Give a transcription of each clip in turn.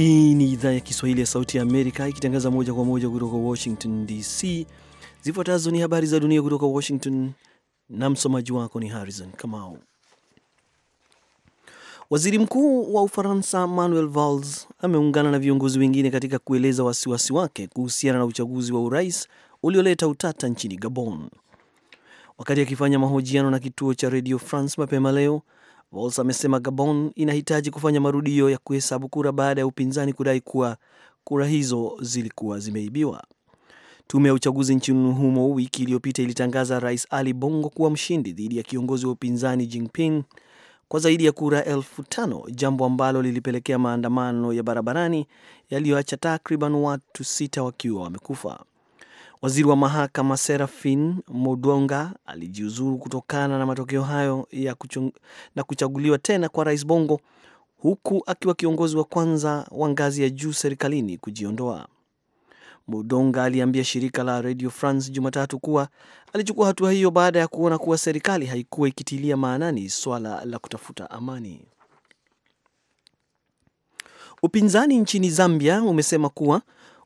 Hii ni idhaa ya Kiswahili ya Sauti ya Amerika ikitangaza moja kwa moja kutoka Washington DC. Zifuatazo ni habari za dunia kutoka Washington na msomaji wako ni Harrison Kamau. Waziri Mkuu wa Ufaransa Manuel Valls ameungana na viongozi wengine katika kueleza wasiwasi wake kuhusiana na uchaguzi wa urais ulioleta utata nchini Gabon. Wakati akifanya mahojiano na kituo cha Radio France mapema leo, Walls amesema Gabon inahitaji kufanya marudio ya kuhesabu kura baada ya upinzani kudai kuwa kura hizo zilikuwa zimeibiwa. Tume ya uchaguzi nchini humo wiki iliyopita ilitangaza Rais Ali Bongo kuwa mshindi dhidi ya kiongozi wa upinzani Jinping kwa zaidi ya kura elfu tano, jambo ambalo lilipelekea maandamano ya barabarani yaliyoacha takriban watu sita wakiwa wamekufa. Waziri wa mahakama Serafin modonga alijiuzuru kutokana na matokeo hayo ya kuchung... na kuchaguliwa tena kwa Rais Bongo huku akiwa kiongozi wa kwanza wa ngazi ya juu serikalini kujiondoa. modonga aliambia shirika la Radio France Jumatatu kuwa alichukua hatua hiyo baada ya kuona kuwa serikali haikuwa ikitilia maanani swala la kutafuta amani. Upinzani nchini Zambia umesema kuwa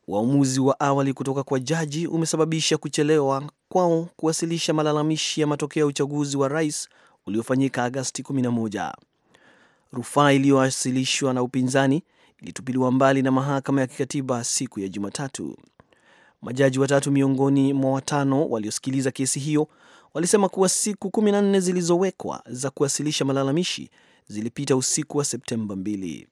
Uamuzi wa awali kutoka kwa jaji umesababisha kuchelewa kwao kuwasilisha malalamishi ya matokeo ya uchaguzi wa rais uliofanyika Agasti 11. Rufaa iliyowasilishwa na upinzani ilitupiliwa mbali na mahakama ya kikatiba siku ya Jumatatu. Majaji watatu miongoni mwa watano waliosikiliza kesi hiyo walisema kuwa siku 14 zilizowekwa za kuwasilisha malalamishi zilipita usiku wa Septemba 2.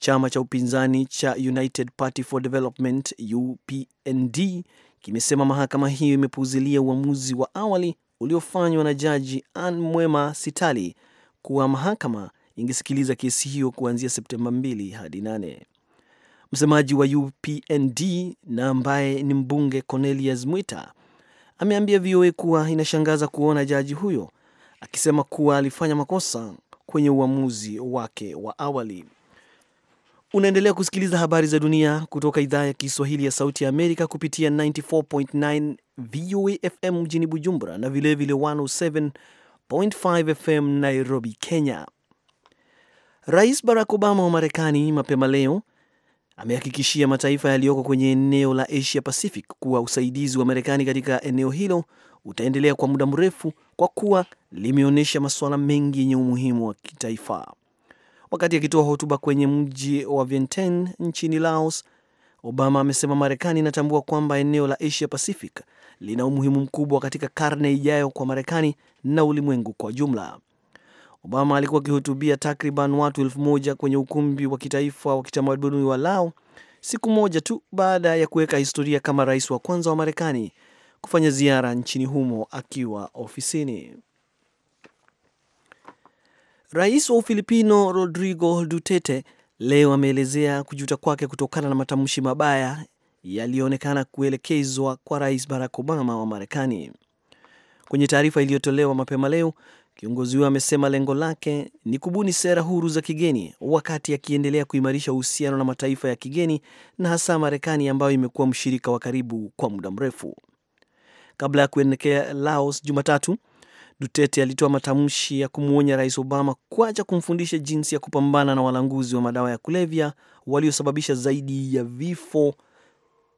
Chama cha upinzani cha United Party for Development UPND kimesema mahakama hiyo imepuuzilia uamuzi wa awali uliofanywa na Jaji Ann Mwema Sitali kuwa mahakama ingesikiliza kesi hiyo kuanzia Septemba 2 hadi 8. Msemaji wa UPND na ambaye ni mbunge Cornelius Mwita ameambia VOA kuwa inashangaza kuona jaji huyo akisema kuwa alifanya makosa kwenye uamuzi wake wa awali. Unaendelea kusikiliza habari za dunia kutoka idhaa ya Kiswahili ya Sauti ya Amerika kupitia 94.9 VOA FM mjini Bujumbura na vilevile 107.5 FM Nairobi, Kenya. Rais Barack Obama wa Marekani mapema leo amehakikishia mataifa yaliyoko kwenye eneo la Asia Pacific kuwa usaidizi wa Marekani katika eneo hilo utaendelea kwa muda mrefu kwa kuwa limeonyesha masuala mengi yenye umuhimu wa kitaifa. Wakati akitoa hotuba kwenye mji wa Vientiane nchini Laos, Obama amesema Marekani inatambua kwamba eneo la Asia Pacific lina umuhimu mkubwa katika karne ijayo kwa Marekani na ulimwengu kwa jumla. Obama alikuwa akihutubia takriban watu elfu moja kwenye ukumbi wa kitaifa wa kitamaduni wa Lao siku moja tu baada ya kuweka historia kama rais wa kwanza wa Marekani kufanya ziara nchini humo akiwa ofisini. Rais wa Ufilipino Rodrigo Duterte leo ameelezea kujuta kwake kutokana na matamshi mabaya yaliyoonekana kuelekezwa kwa Rais Barack Obama wa Marekani. Kwenye taarifa iliyotolewa mapema leo, kiongozi huyo amesema lengo lake ni kubuni sera huru za kigeni wakati akiendelea kuimarisha uhusiano na mataifa ya kigeni na hasa Marekani ambayo imekuwa mshirika wa karibu kwa muda mrefu. Kabla ya kuelekea Laos Jumatatu, Duterte alitoa matamshi ya kumwonya Rais Obama kuacha kumfundisha jinsi ya kupambana na walanguzi wa madawa ya kulevya waliosababisha zaidi ya vifo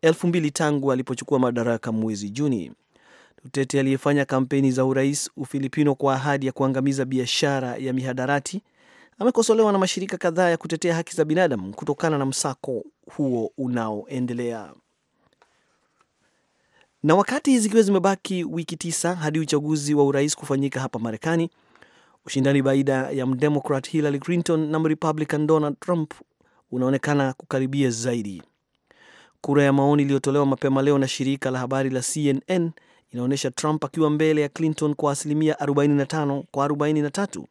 elfu mbili tangu alipochukua madaraka mwezi Juni. Duterte aliyefanya kampeni za urais Ufilipino kwa ahadi ya kuangamiza biashara ya mihadarati amekosolewa na mashirika kadhaa ya kutetea haki za binadamu kutokana na msako huo unaoendelea. Na wakati zikiwa zimebaki wiki tisa hadi uchaguzi wa urais kufanyika hapa Marekani, ushindani baina ya mdemokrat Hillary Clinton na mrepublican Donald Trump unaonekana kukaribia zaidi. Kura ya maoni iliyotolewa mapema leo na shirika la habari la CNN inaonyesha Trump akiwa mbele ya Clinton kwa asilimia 45 kwa 43,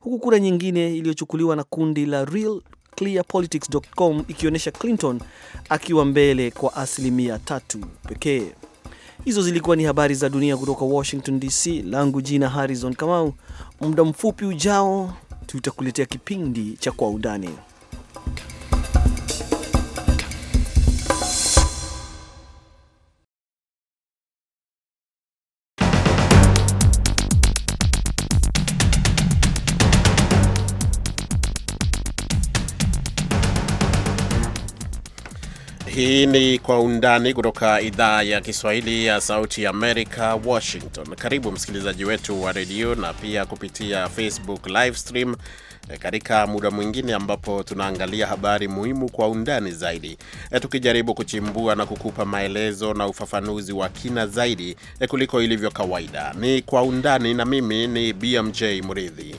huku kura nyingine iliyochukuliwa na kundi la Real Clear Politics.com ikionyesha Clinton akiwa mbele kwa asilimia tatu pekee. Hizo zilikuwa ni habari za dunia kutoka Washington DC. Langu jina Harrison Kamau. Muda mfupi ujao tutakuletea kipindi cha Kwa Undani. Hii ni Kwa Undani kutoka idhaa ya Kiswahili ya Sauti Amerika, Washington. Karibu msikilizaji wetu wa redio na pia kupitia Facebook live stream eh, katika muda mwingine ambapo tunaangalia habari muhimu kwa undani zaidi, eh, tukijaribu kuchimbua na kukupa maelezo na ufafanuzi wa kina zaidi eh, kuliko ilivyo kawaida. Ni Kwa Undani na mimi ni BMJ mridhi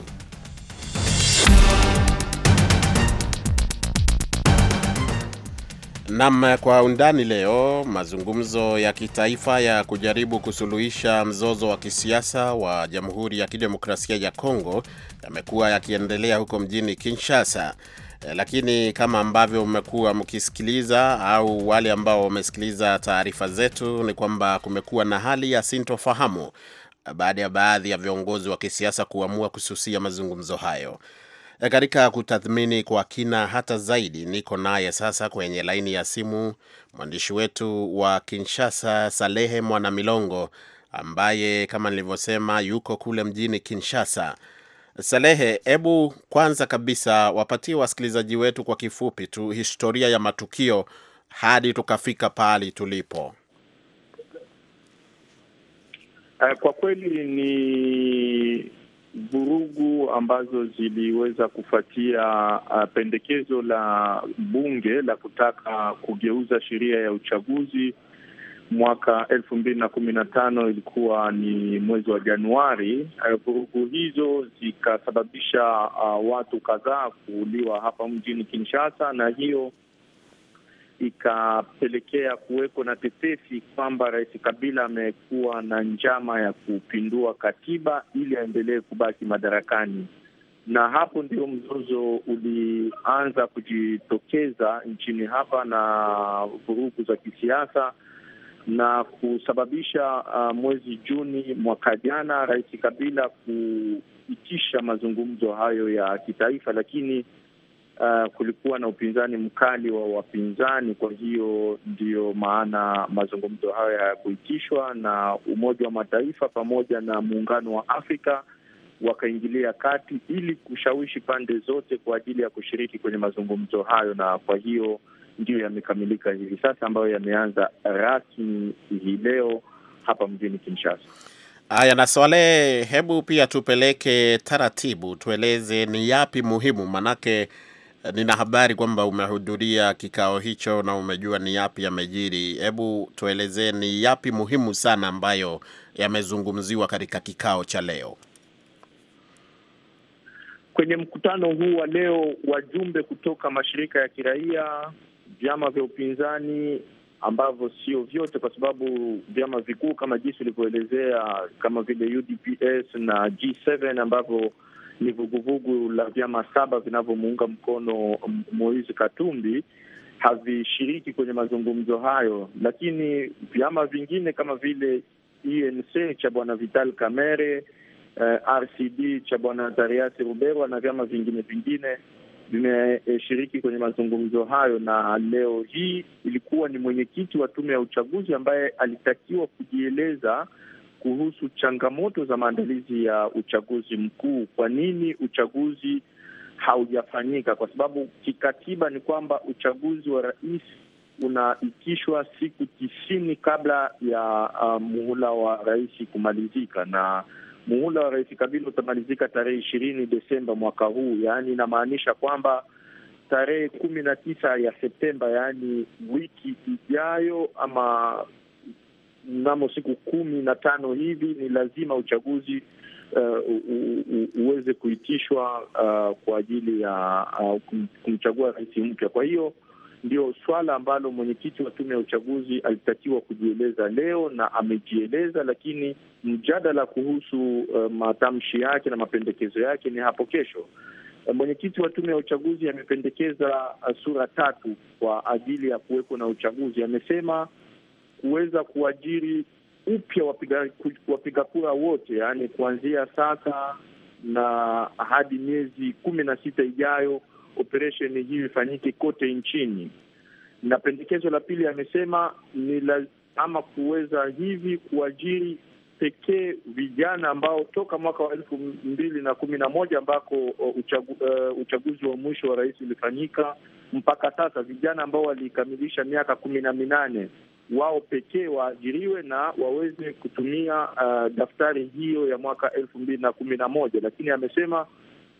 Nam kwa undani leo, mazungumzo ya kitaifa ya kujaribu kusuluhisha mzozo wa kisiasa wa Jamhuri ya Kidemokrasia ya Kongo yamekuwa yakiendelea huko mjini Kinshasa. Eh, lakini kama ambavyo mmekuwa mkisikiliza au wale ambao wamesikiliza taarifa zetu, ni kwamba kumekuwa na hali ya sintofahamu baada ya baadhi ya viongozi wa kisiasa kuamua kususia mazungumzo hayo. Eh, katika kutathmini kwa kina hata zaidi, niko naye sasa kwenye laini ya simu mwandishi wetu wa Kinshasa, Salehe Mwanamilongo, ambaye kama nilivyosema yuko kule mjini Kinshasa. Salehe, hebu kwanza kabisa wapatie wasikilizaji wetu kwa kifupi tu historia ya matukio hadi tukafika pahali tulipo. Eh, kwa kweli ni vurugu ambazo ziliweza kufuatia uh, pendekezo la bunge la kutaka kugeuza sheria ya uchaguzi mwaka elfu mbili na kumi na tano ilikuwa ni mwezi wa Januari. Vurugu hizo zikasababisha uh, watu kadhaa kuuliwa hapa mjini Kinshasa, na hiyo ikapelekea kuweko na tetesi kwamba Rais Kabila amekuwa na njama ya kupindua katiba ili aendelee kubaki madarakani, na hapo ndio mzozo ulianza kujitokeza nchini hapa na vurugu za kisiasa na kusababisha uh, mwezi Juni mwaka jana Rais Kabila kuitisha mazungumzo hayo ya kitaifa, lakini uh, kulikuwa na upinzani mkali wa wapinzani. Kwa hiyo ndiyo maana mazungumzo hayo hayakuitishwa, na Umoja wa Mataifa pamoja na Muungano wa Afrika wakaingilia kati ili kushawishi pande zote kwa ajili ya kushiriki kwenye mazungumzo hayo, na kwa hiyo ndiyo yamekamilika hivi sasa, ambayo yameanza rasmi hii leo hapa mjini Kinshasa. Haya, na swale hebu pia tupeleke taratibu, tueleze ni yapi muhimu manake nina habari kwamba umehudhuria kikao hicho na umejua ni yapi yamejiri. Hebu tuelezee ni yapi muhimu sana ambayo yamezungumziwa katika kikao cha leo. Kwenye mkutano huu wa leo, wajumbe kutoka mashirika ya kiraia, vyama vya upinzani ambavyo sio vyote, kwa sababu vyama vikuu kama jinsi ulivyoelezea, kama vile UDPS na G7 ambavyo ni vuguvugu la vyama saba vinavyomuunga mkono Moise Katumbi havishiriki kwenye mazungumzo hayo, lakini vyama vingine kama vile e nc cha bwana Vital Kamerhe, uh, eh, RCD cha bwana Zariasi Ruberwa na vyama vingine vingine vimeshiriki kwenye mazungumzo hayo, na leo hii ilikuwa ni mwenyekiti wa tume ya uchaguzi ambaye alitakiwa kujieleza kuhusu changamoto za maandalizi ya uchaguzi mkuu. Kwa nini uchaguzi haujafanyika? Kwa sababu kikatiba ni kwamba uchaguzi wa rais unaitishwa siku tisini kabla ya uh, muhula wa rais kumalizika, na muhula wa rais Kabila utamalizika tarehe ishirini Desemba mwaka huu, yaani inamaanisha kwamba tarehe kumi na tisa ya Septemba, yaani wiki ijayo ama mnamo siku kumi na tano hivi ni lazima uchaguzi uh, uweze kuitishwa uh, kwa ajili ya uh, kumchagua rais mpya. Kwa hiyo ndio swala ambalo mwenyekiti wa tume ya uchaguzi alitakiwa kujieleza leo na amejieleza, lakini mjadala kuhusu uh, matamshi yake na mapendekezo yake ni hapo kesho. Mwenyekiti wa tume ya uchaguzi amependekeza sura tatu kwa ajili ya kuwepo na uchaguzi. Amesema kuweza kuajiri upya wapiga, wapiga kura wote, yaani kuanzia sasa na hadi miezi kumi na sita ijayo operesheni hii ifanyike kote nchini. Na pendekezo la pili amesema ni lazima kuweza hivi kuajiri pekee vijana ambao toka mwaka wa elfu mbili na kumi na moja ambako uh, uchagu, uh, uchaguzi wa mwisho wa rais ulifanyika mpaka sasa, vijana ambao walikamilisha miaka kumi na minane wao pekee waajiriwe na waweze kutumia uh, daftari hiyo ya mwaka elfu mbili na kumi na moja, lakini amesema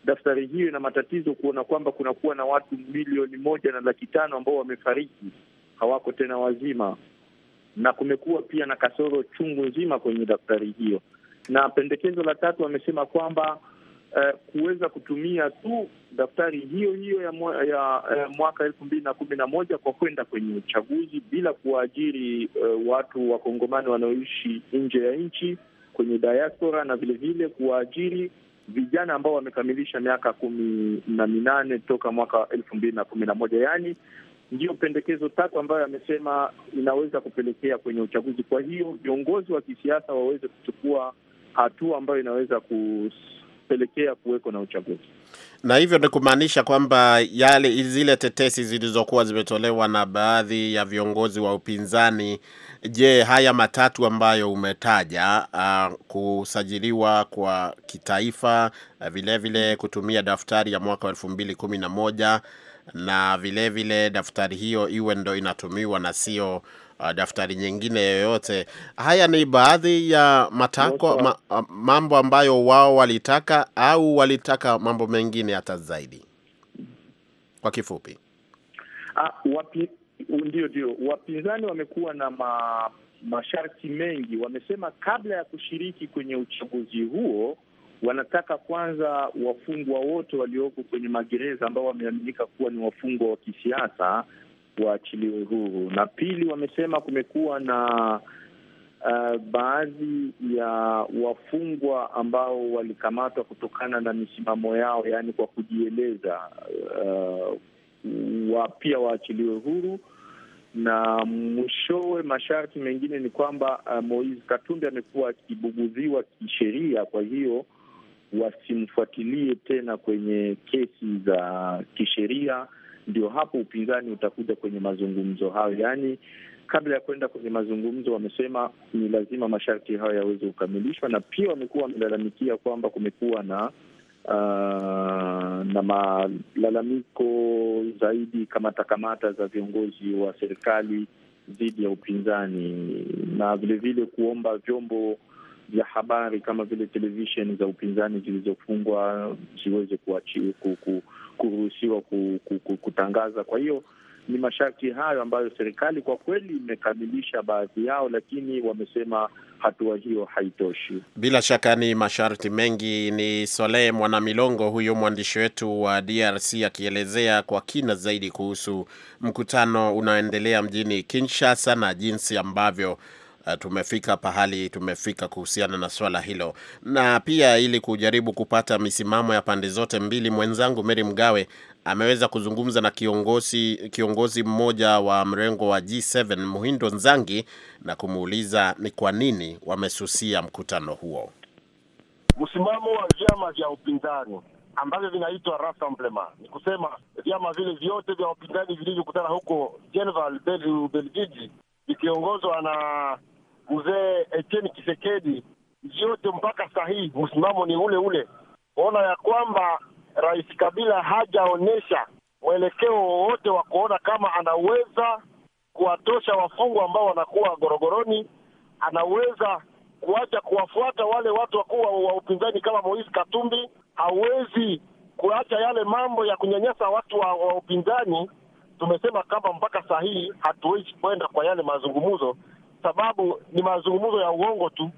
daftari hiyo ina matatizo kuona kwamba kunakuwa na watu milioni moja na laki tano ambao wamefariki hawako tena wazima, na kumekuwa pia na kasoro chungu nzima kwenye daftari hiyo. Na pendekezo la tatu amesema kwamba Eh, kuweza kutumia tu daftari hiyo hiyo ya, ya, ya eh, mwaka elfu mbili na kumi na moja kwa kwenda kwenye uchaguzi bila kuwaajiri uh, watu wakongomani wanaoishi nje ya nchi kwenye diaspora na vilevile kuwaajiri vijana ambao wamekamilisha miaka kumi na minane toka mwaka elfu mbili na kumi na moja yaani ndiyo pendekezo tatu ambayo amesema inaweza kupelekea kwenye uchaguzi. Kwa hiyo viongozi wa kisiasa waweze kuchukua hatua ambayo inaweza kus kupelekea kuweko na uchaguzi. Na hivyo ni kumaanisha kwamba yale zile tetesi zilizokuwa zimetolewa na baadhi ya viongozi wa upinzani, je, haya matatu ambayo umetaja, uh, kusajiliwa kwa kitaifa, uh, vile kutumia daftari ya mwaka wa elfu mbili kumi na moja na vilevile daftari hiyo iwe ndo inatumiwa na sio Uh, daftari nyingine yoyote. Haya ni baadhi ya matakwa ma, uh, mambo ambayo wao walitaka au walitaka mambo mengine hata zaidi. Kwa kifupi, ah, ndio ndio, wapinzani wamekuwa na ma, masharti mengi. Wamesema kabla ya kushiriki kwenye uchaguzi huo wanataka kwanza wafungwa wote walioko kwenye magereza ambao wameaminika kuwa ni wafungwa wa kisiasa waachiliwe huru, na pili, wamesema kumekuwa na uh, baadhi ya wafungwa ambao walikamatwa kutokana na misimamo yao, yaani kwa kujieleza, uh, wa pia waachiliwe huru na mwishowe masharti mengine ni kwamba uh, Moise Katumbi amekuwa akibuguziwa kisheria, kwa hiyo wasimfuatilie tena kwenye kesi za kisheria ndio hapo upinzani utakuja kwenye mazungumzo hayo. Yaani, kabla ya kwenda kwenye mazungumzo, wamesema ni lazima masharti hayo yaweze kukamilishwa, na pia wamekuwa wamelalamikia kwamba kumekuwa na Uh, na malalamiko zaidi kamata za viongozi wa serikali dhidi ya upinzani na vilevile kuomba vyombo vya habari kama vile televisheni za upinzani zilizofungwa ziweze kuruhusiwa ku, ku, ku, kutangaza. Kwa hiyo ni masharti hayo ambayo serikali kwa kweli imekamilisha baadhi yao, lakini wamesema hatua hiyo haitoshi. Bila shaka ni masharti mengi. Ni Solehe Mwanamilongo huyo mwandishi wetu wa DRC akielezea kwa kina zaidi kuhusu mkutano unaoendelea mjini Kinshasa na jinsi ambavyo uh, tumefika pahali tumefika kuhusiana na swala hilo, na pia ili kujaribu kupata misimamo ya pande zote mbili, mwenzangu Mary Mgawe ameweza kuzungumza na kiongozi kiongozi mmoja wa mrengo wa G7 Muhindo Nzangi na kumuuliza ni kwa nini wamesusia mkutano huo. Msimamo wa vyama vya upinzani ambavyo vinaitwa Rassemblement ni kusema vyama vile vyote vya upinzani vilivyokutana huko Geneva, Ubelgiji, ikiongozwa na mzee Etienne Kisekedi, yote mpaka sahihi msimamo ni ule ule, ona ya kwamba Rais Kabila hajaonyesha mwelekeo wowote wa kuona kama anaweza kuwatosha wafungwa ambao wanakuwa gorogoroni, anaweza kuacha kuwafuata wale watu wakuu wa upinzani kama Moise Katumbi, hawezi kuacha yale mambo ya kunyanyasa watu wa, wa upinzani tumesema kama mpaka saa hii hatuwezi kwenda kwa yale mazungumzo, sababu ni mazungumzo ya uongo tu.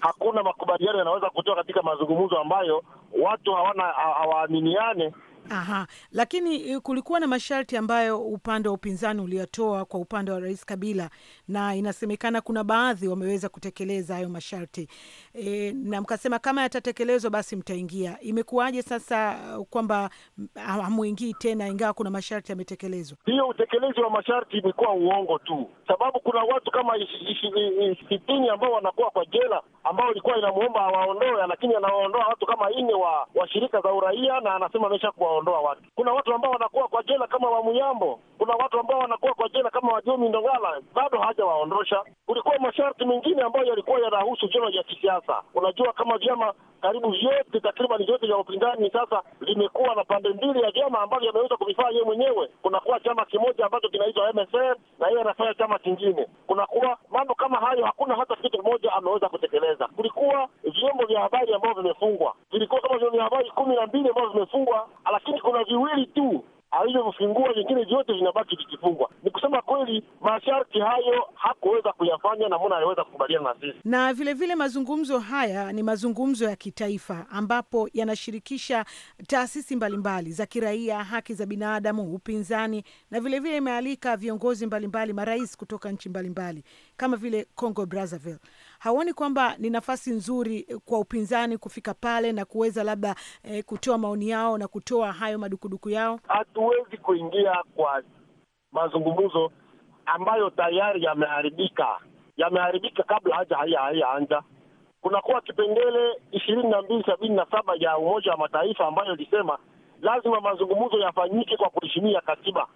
Hakuna makubaliano yanaweza kutoka katika mazungumzo ambayo watu hawana hawaaminiane Aha, lakini eh, kulikuwa na masharti ambayo upande wa upinzani uliyatoa kwa upande wa Rais Kabila na inasemekana kuna baadhi wameweza kutekeleza hayo masharti e, na mkasema kama yatatekelezwa basi mtaingia. Imekuwaje sasa uh, kwamba mm, hamuingii tena ingawa kuna masharti yametekelezwa? Hiyo utekelezi wa masharti imekuwa uongo tu, sababu kuna watu kama sitini ambao wanakuwa kwa jela ambao ilikuwa inamwomba awaondoe, lakini anawaondoa watu kama nne wa, wa shirika za uraia na anasema amesha kuwa wanaondoa watu. Kuna watu ambao wanakuwa kwa jela kama Wamunyambo, kuna watu ambao wanakuwa kwa jela kama Wajomi Ndongala, bado hajawaondosha. Kulikuwa masharti mengine ambayo yalikuwa yanahusu vyama vya kisiasa. Unajua kama vyama karibu vyote takriban vyote vya upinzani sasa vimekuwa na pande mbili ya vyama ambavyo ameweza kuvifanya yeye mwenyewe. Kunakuwa chama kimoja ambacho kinaitwa MSF na yeye anafanya chama kingine. Kunakuwa mambo kama hayo, hakuna hata kitu kimoja ameweza kutekeleza. Kulikuwa vyombo vya habari ambavyo vimefungwa, vilikuwa kama vyombo vya habari kumi na mbili ambavyo vimefungwa, lakini kuna viwili tu alivyofungua vingine vyote vinabaki vikifungwa. Ni kusema kweli, masharti hayo hakuweza kuyafanya, na mbona aliweza kukubaliana na sisi. Na vilevile vile mazungumzo haya ni mazungumzo ya kitaifa ambapo yanashirikisha taasisi mbalimbali mbali za kiraia, haki za binadamu, upinzani na vilevile imealika vile viongozi mbalimbali marais kutoka nchi mbalimbali mbali kama vile Congo Brazzaville. hauoni kwamba ni nafasi nzuri eh, kwa upinzani kufika pale na kuweza labda eh, kutoa maoni yao na kutoa hayo madukuduku yao? Hatuwezi kuingia kwa mazungumzo ambayo tayari yameharibika, yameharibika kabla haja haya haya anja. Kunakuwa kipengele ishirini na mbili sabini na saba ya Umoja wa Mataifa ambayo ilisema lazima mazungumzo yafanyike kwa kuheshimia katiba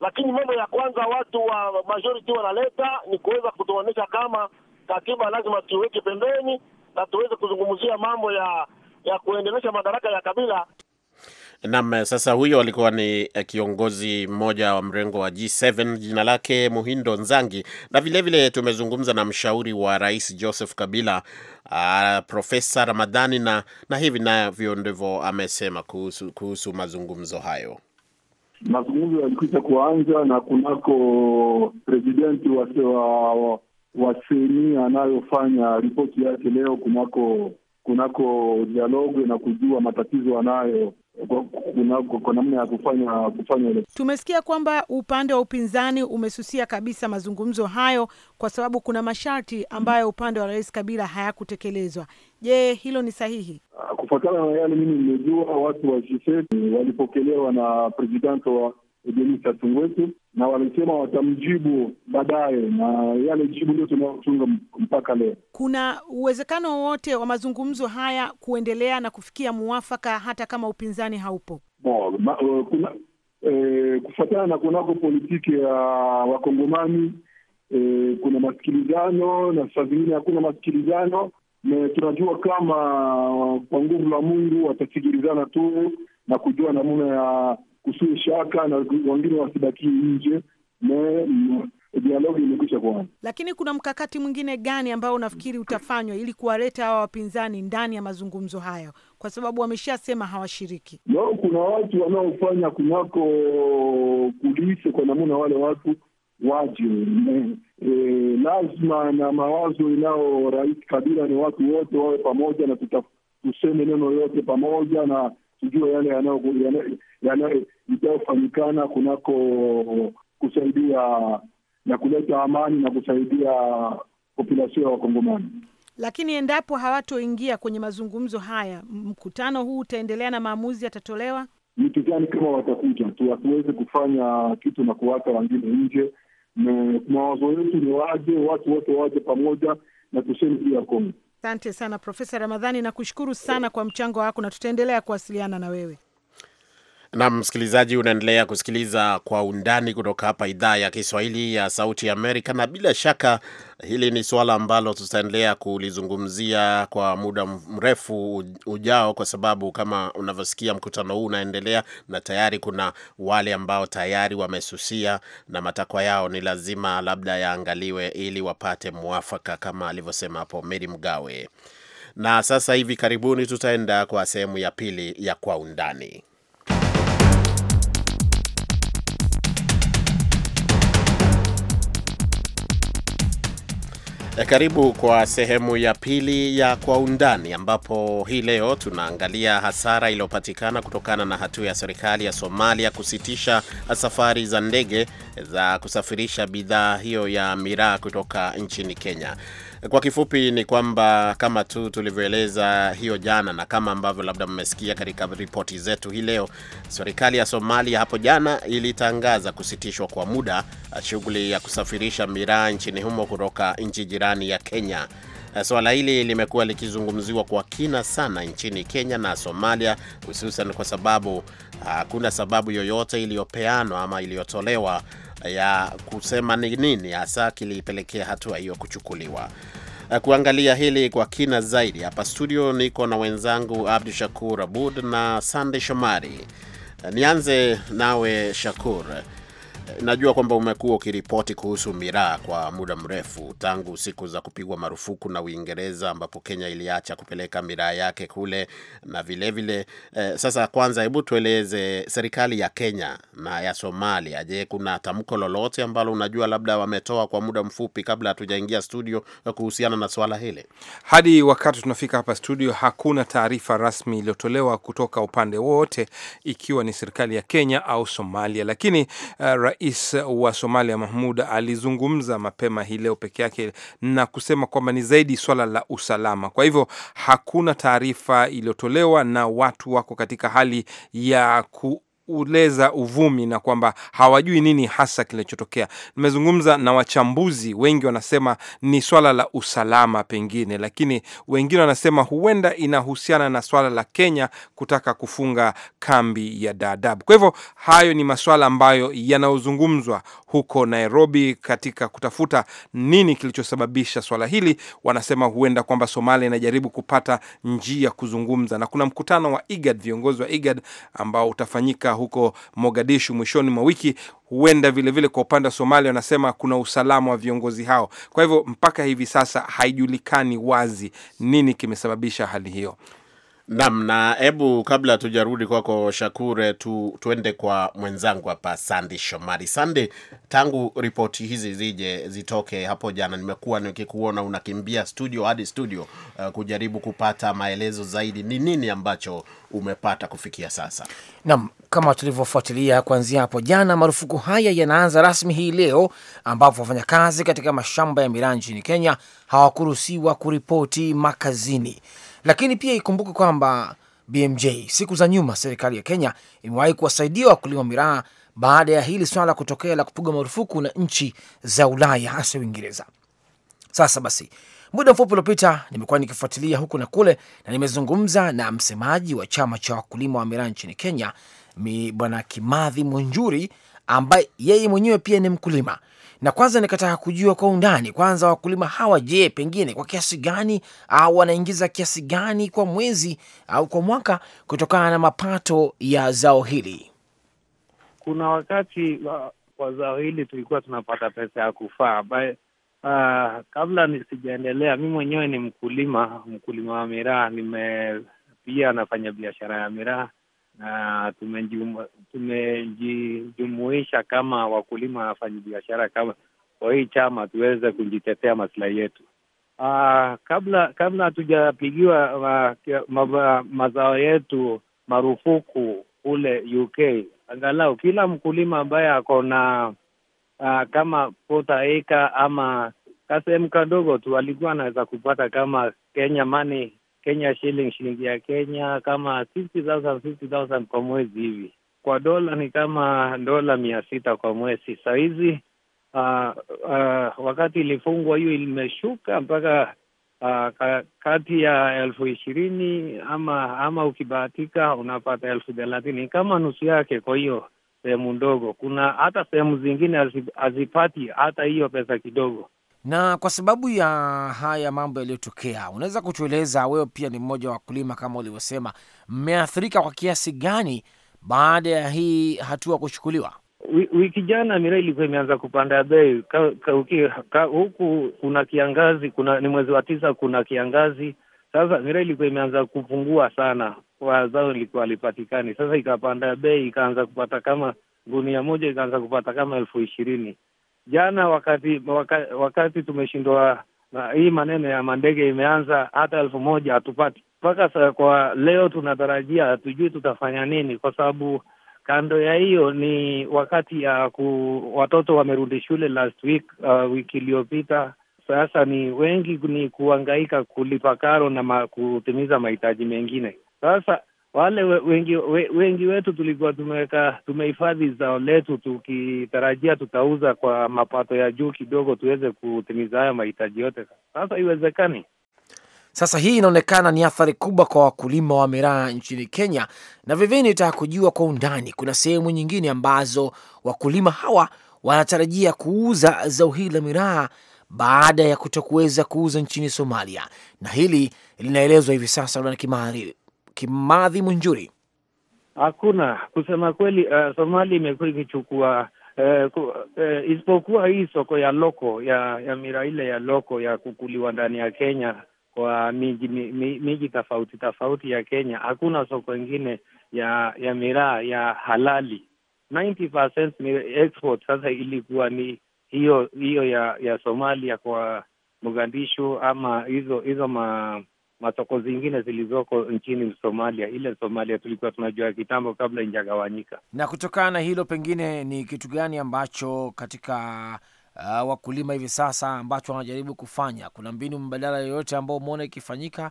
lakini mambo ya kwanza watu wa majority wanaleta ni kuweza kutuonyesha kama katiba lazima tuiweke pembeni na tuweze kuzungumzia mambo ya ya kuendelesha madaraka ya kabila. Naam, sasa huyo alikuwa ni eh, kiongozi mmoja wa mrengo wa G7 jina lake Muhindo Nzangi, na vilevile vile tumezungumza na mshauri wa Rais Joseph Kabila uh, Profesa Ramadhani na, na hivi navyo ndivyo amesema kuhusu, kuhusu mazungumzo hayo. Mazungumzo yalikwisha kuanza na kunako presidenti wa wa seni anayofanya ripoti yake leo kunako kunako dialogue na kujua matatizo anayo kwa namna ya kufanya kufanya ile. Tumesikia kwamba upande wa upinzani umesusia kabisa mazungumzo hayo kwa sababu kuna masharti ambayo upande wa Rais Kabila hayakutekelezwa. Je, hilo ni sahihi? Ah, Kufatana na yale mimi nimejua, watu wa Tshisekedi walipokelewa na presidente wa Denis Sassou Nguesso na walisema watamjibu baadaye, na yale jibu ndio tunaochunga mpaka leo. Kuna uwezekano wowote wa mazungumzo haya kuendelea na kufikia mwafaka hata kama upinzani haupo? Bo, ma, kuna, e, kufatana na kunako politiki ya Wakongomani e, kuna masikilizano na saa zingine hakuna masikilizano Me, tunajua kama uh, kwa nguvu la Mungu watasikilizana tu na kujua namna ya kusuhi shaka na wengine wasibakie nje dialogi imekwisha kuanza. Lakini kuna mkakati mwingine gani ambao unafikiri utafanywa ili kuwaleta hawa wapinzani ndani ya mazungumzo hayo, kwa sababu wameshasema hawashiriki? No, kuna watu wanaofanya kunako kulise kwa namuna wale watu waje E, lazima na mawazo inao Rais Kabila ni watu wote wawe pamoja na tuseme neno yote pamoja na tujue yale itayofanyikana kunako kusaidia na kuleta amani na kusaidia populasio ya Wakongomani. Lakini endapo hawatoingia kwenye mazungumzo haya, mkutano huu utaendelea na maamuzi yatatolewa. Ni gani kama watakuja tu, hatuwezi kufanya kitu na kuwata wengine nje mawazo yetu ni waje watu wote waje pamoja na tuseme juu ya Kongo. Asante sana Profesa Ramadhani, nakushukuru sana kwa mchango wako na tutaendelea kuwasiliana na wewe. Na msikilizaji, unaendelea kusikiliza Kwa Undani kutoka hapa idhaa ya Kiswahili ya Sauti ya Amerika, na bila shaka hili ni suala ambalo tutaendelea kulizungumzia kwa muda mrefu ujao, kwa sababu kama unavyosikia mkutano huu unaendelea, na tayari kuna wale ambao tayari wamesusia na matakwa yao ni lazima labda yaangaliwe ili wapate mwafaka, kama alivyosema hapo Meri Mgawe. Na sasa hivi karibuni tutaenda kwa sehemu ya pili ya Kwa Undani. Karibu kwa sehemu ya pili ya Kwa Undani, ambapo hii leo tunaangalia hasara iliyopatikana kutokana na hatua ya serikali ya Somalia kusitisha safari za ndege za kusafirisha bidhaa hiyo ya miraa kutoka nchini Kenya. Kwa kifupi ni kwamba kama tu tulivyoeleza hiyo jana na kama ambavyo labda mmesikia katika ripoti zetu hii leo, serikali ya Somalia hapo jana ilitangaza kusitishwa kwa muda uh, shughuli ya kusafirisha miraa nchini humo kutoka nchi jirani ya Kenya. Uh, suala hili limekuwa likizungumziwa kwa kina sana nchini Kenya na Somalia, hususan kwa sababu hakuna sababu yoyote iliyopeanwa ama iliyotolewa ya kusema ni nini hasa kilipelekea hatua hiyo kuchukuliwa. Kuangalia hili kwa kina zaidi, hapa studio niko na wenzangu Abdu Shakur Abud na Sande Shomari. Nianze nawe Shakur najua kwamba umekuwa ukiripoti kuhusu miraa kwa muda mrefu tangu siku za kupigwa marufuku na Uingereza, ambapo Kenya iliacha kupeleka miraa yake kule na vilevile vile. Eh, sasa kwanza, hebu tueleze serikali ya Kenya na ya Somalia, je, kuna tamko lolote ambalo unajua labda wametoa kwa muda mfupi kabla hatujaingia studio eh, kuhusiana na swala hili? Hadi wakati tunafika hapa studio, hakuna taarifa rasmi iliyotolewa kutoka upande wowote, ikiwa ni serikali ya Kenya au Somalia, lakini uh, Rais wa Somalia Mahmud alizungumza mapema hii leo peke yake na kusema kwamba ni zaidi swala la usalama. Kwa hivyo hakuna taarifa iliyotolewa na watu wako katika hali ya ku uleza uvumi na kwamba hawajui nini hasa kilichotokea. Nimezungumza na wachambuzi wengi, wanasema ni swala la usalama pengine, lakini wengine wanasema huenda inahusiana na swala la Kenya kutaka kufunga kambi ya Dadaab. Kwa hivyo hayo ni maswala ambayo yanayozungumzwa huko Nairobi katika kutafuta nini kilichosababisha swala hili. Wanasema huenda kwamba Somalia inajaribu kupata njia kuzungumza, na kuna mkutano wa IGAD, viongozi wa IGAD ambao utafanyika huko Mogadishu mwishoni mwa wiki. Huenda vilevile kwa upande wa Somalia wanasema kuna usalama wa viongozi hao. Kwa hivyo mpaka hivi sasa haijulikani wazi nini kimesababisha hali hiyo. Naam, na hebu kabla tujarudi kwako kwa Shakure tu, tuende kwa mwenzangu hapa Sande Shomari. Sande, tangu ripoti hizi zije zitoke hapo jana, nimekuwa nikikuona unakimbia studio hadi studio uh, kujaribu kupata maelezo zaidi. Ni nini ambacho umepata kufikia sasa? Naam, kama tulivyofuatilia kuanzia hapo jana, marufuku haya yanaanza rasmi hii leo, ambapo wafanyakazi katika mashamba ya miraa nchini Kenya hawakuruhusiwa kuripoti makazini. Lakini pia ikumbuke kwamba BMJ, siku za nyuma serikali ya Kenya imewahi kuwasaidia wakulima miraa baada ya hili swala kutokea la kupigwa marufuku na nchi za Ulaya, hasa Uingereza. Sasa basi, muda mfupi uliopita nimekuwa nikifuatilia huku na kule, na nimezungumza na msemaji wa chama cha wakulima wa miraa nchini Kenya, Bwana Kimathi Munjuri, ambaye yeye mwenyewe pia ni mkulima na kwanza nikataka kujua kwa undani kwanza, wakulima hawa, je, pengine kwa kiasi gani au wanaingiza kiasi gani kwa mwezi au kwa mwaka kutokana na mapato ya zao hili? Kuna wakati wa, wa zao hili tulikuwa tunapata pesa ya kufaa. Uh, kabla nisijaendelea, mi mwenyewe ni mkulima, mkulima wa miraa, nime pia anafanya biashara ya miraa na tumejijumuisha kama wakulima wafanyi biashara kama kwa hii chama tuweze kujitetea masilahi yetu. Uh, kabla kabla hatujapigiwa ah, mazao yetu marufuku kule UK, angalau kila mkulima ambaye ako na uh, kama pota eka ama kasehemu kadogo tu alikuwa anaweza kupata kama Kenya money Kenya shilling shilingi ya Kenya kama 50,000, 50,000 kwa mwezi hivi. Kwa dola ni kama dola mia sita kwa mwezi sahizi Uh, ah, uh, ah, wakati ilifungwa hiyo imeshuka mpaka uh, kati ya elfu ishirini ama ama ukibahatika unapata elfu thelathini kama nusu yake. Kwa hiyo sehemu ndogo, kuna hata sehemu zingine hazipati hata hiyo pesa kidogo. Na kwa sababu ya haya mambo yaliyotokea, unaweza kutueleza wewe, pia ni mmoja wa wakulima, kama ulivyosema, mmeathirika kwa kiasi gani baada ya hii hatua kuchukuliwa? Wiki jana miraa ilikuwa imeanza kupanda bei huku, kuna kiangazi, kuna ni mwezi wa tisa, kuna kiangazi. Sasa miraa ilikuwa imeanza kupungua sana, kwa zao ilikuwa alipatikani. Sasa ikapanda bei, ikaanza kupata kama gunia moja ikaanza kupata kama elfu ishirini jana wakati wakati, wakati tumeshindwa na hii maneno ya mandege imeanza, hata elfu moja hatupati mpaka kwa leo. Tunatarajia, hatujui tutafanya nini, kwa sababu kando ya hiyo ni wakati ya ku, watoto wamerudi shule last week, uh, wiki iliyopita. Sasa ni wengi ni kuangaika kulipa karo na ma, kutimiza mahitaji mengine. Sasa wale wengi wengi wetu tulikuwa tumeweka tumehifadhi zao letu tukitarajia tutauza kwa mapato ya juu kidogo, tuweze kutimiza hayo mahitaji yote. Sasa iwezekani Sasa hii inaonekana ni athari kubwa kwa wakulima wa miraa nchini Kenya, na vivyo nitaka kujua kwa undani, kuna sehemu nyingine ambazo wakulima hawa wanatarajia kuuza zao hili la miraa baada ya kutokuweza kuuza nchini Somalia, na hili linaelezwa hivi sasa na Kimari Kimadhi Munjuri. Hakuna kusema kweli, uh, Somalia imekuwa ikichukua uh, uh, isipokuwa hii soko ya loko ya, ya miraa ile ya loko ya kukuliwa ndani ya Kenya kwa miji mi, miji tofauti tofauti ya Kenya. Hakuna soko ingine ya ya miraa ya halali. 90% export sasa ilikuwa ni hiyo hiyo ya ya Somalia kwa Mogadishu ama hizo hizo ma masoko zingine zilizoko nchini Somalia, ile Somalia tulikuwa tunajua kitambo kabla injagawanyika. Na kutokana na hilo, pengine ni kitu gani ambacho katika uh, wakulima hivi sasa ambacho wanajaribu kufanya? Kuna mbinu mbadala yoyote ambao umeona ikifanyika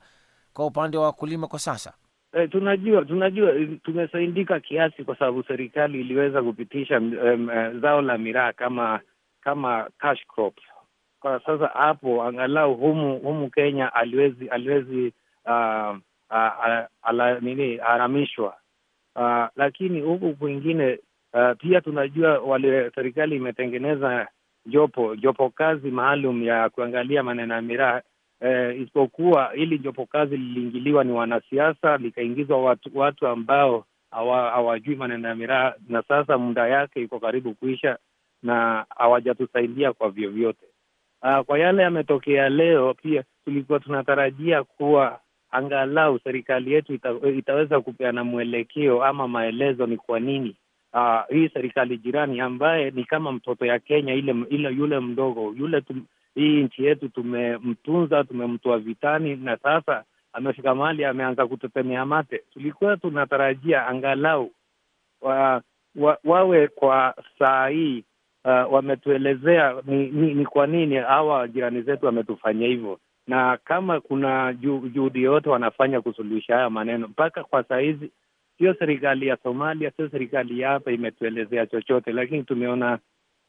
kwa upande wa wakulima kwa sasa? E, tunajua tunajua tumesaidika kiasi, kwa sababu serikali iliweza kupitisha um, zao la miraa kama kama cash crops kwa sasa hapo angalau humu humu Kenya aliwezi aliwezi uh, uh, uh, nini haramishwa uh, lakini huku kwingine uh, pia tunajua wale serikali imetengeneza jopo jopo kazi maalum ya kuangalia maneno ya miraha eh, isipokuwa ili jopo kazi liliingiliwa ni wanasiasa likaingizwa watu, watu ambao hawajui maneno ya miraha na sasa muda yake iko karibu kuisha na hawajatusaidia kwa vyovyote. Uh, kwa yale yametokea leo, pia tulikuwa tunatarajia kuwa angalau serikali yetu ita, itaweza kupeana mwelekeo ama maelezo ni kwa nini uh, hii serikali jirani ambaye ni kama mtoto ya Kenya ile, ile yule mdogo yule tum, hii nchi yetu tumemtunza tumemtoa vitani na sasa amefika mahali ameanza kutetemea mate. Tulikuwa tunatarajia angalau wa, ah, wa, wawe kwa saa hii uh, wametuelezea ni, ni, ni kwa nini hawa jirani zetu wametufanyia hivyo, na kama kuna juhudi yoyote wanafanya kusuluhisha haya maneno. Mpaka kwa sahizi sio serikali ya Somalia, sio serikali ya hapa imetuelezea chochote, lakini tumeona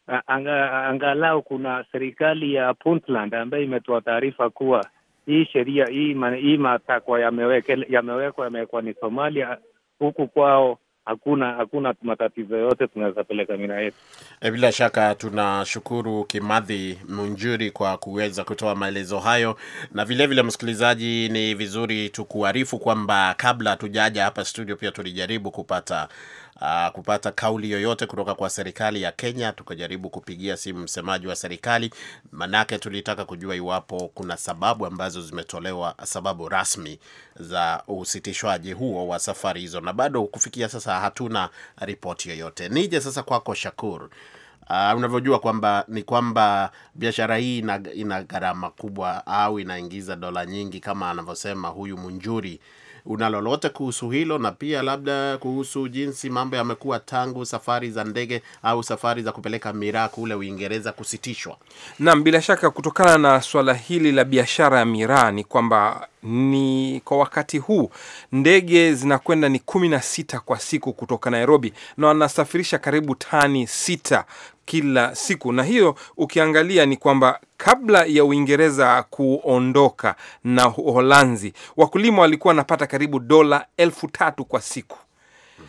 uh, anga, angalau kuna serikali ya Puntland ambayo imetoa taarifa kuwa hii sheria hii matakwa yamewekwa yamewekwa ni Somalia, huku kwao hakuna hakuna matatizo yote tunaweza peleka mira yetu. Eh, bila shaka tunashukuru kimadhi Munjuri kwa kuweza kutoa maelezo hayo, na vilevile msikilizaji, ni vizuri tukuarifu kwamba kabla tujaja hapa studio pia tulijaribu kupata uh, kupata kauli yoyote kutoka kwa serikali ya Kenya. Tukajaribu kupigia simu msemaji wa serikali, manake tulitaka kujua iwapo kuna sababu ambazo zimetolewa, sababu rasmi za usitishwaji huo wa safari hizo, na bado kufikia sasa hatuna ripoti yoyote. Nije sasa kwako Shakur. Uh, unavyojua kwamba ni kwamba biashara hii ina, ina gharama kubwa au inaingiza dola nyingi kama anavyosema huyu Munjuri una lolote kuhusu hilo, na pia labda kuhusu jinsi mambo yamekuwa tangu safari za ndege au safari za kupeleka miraa kule Uingereza kusitishwa? Naam, bila shaka kutokana na swala hili la biashara ya miraa ni kwamba ni kwa wakati huu ndege zinakwenda ni kumi na sita kwa siku kutoka Nairobi, na wanasafirisha karibu tani sita kila siku, na hiyo ukiangalia ni kwamba kabla ya Uingereza kuondoka na Uholanzi, wakulima walikuwa wanapata karibu dola elfu tatu kwa siku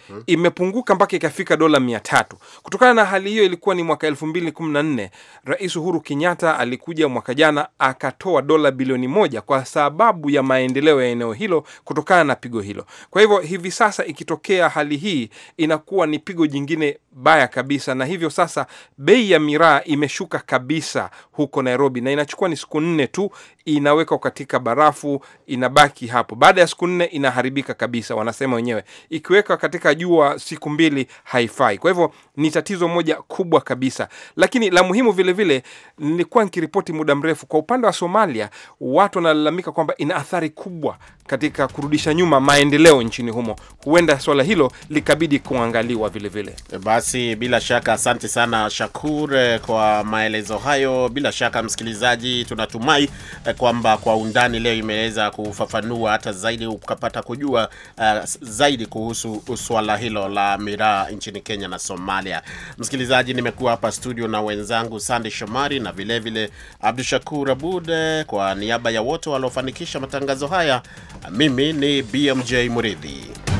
hmm, imepunguka mpaka ikafika dola mia tatu. Kutokana na hali hiyo, ilikuwa ni mwaka elfu mbili kumi na nne Rais Uhuru Kenyatta alikuja mwaka jana akatoa dola bilioni moja kwa sababu ya maendeleo ya eneo hilo kutokana na pigo hilo. Kwa hivyo hivi sasa ikitokea hali hii inakuwa ni pigo jingine baya kabisa, na hivyo sasa bei ya miraa imeshuka kabisa huko Nairobi, na inachukua ni siku nne tu, inawekwa katika barafu, inabaki hapo. Baada ya siku nne inaharibika kabisa, wanasema wenyewe. Ikiwekwa katika unajua siku mbili haifai. Kwa hivyo ni tatizo moja kubwa kabisa, lakini la muhimu vilevile, nilikuwa nikiripoti muda mrefu kwa upande wa Somalia, watu wanalalamika kwamba ina athari kubwa katika kurudisha nyuma maendeleo nchini humo. Huenda swala hilo likabidi kuangaliwa vilevile. E, basi bila shaka, asante sana Shakur e, kwa maelezo hayo. Bila shaka, msikilizaji, tunatumai e, kwamba kwa undani leo imeweza kufafanua hata zaidi ukapata kujua uh, zaidi kuhusu swala swala hilo la miraa nchini Kenya na Somalia. Msikilizaji, nimekuwa hapa studio na wenzangu Sande Shomari na vilevile Abdu Shakur Abud. Eh, kwa niaba ya wote waliofanikisha matangazo haya, mimi ni BMJ Muridhi.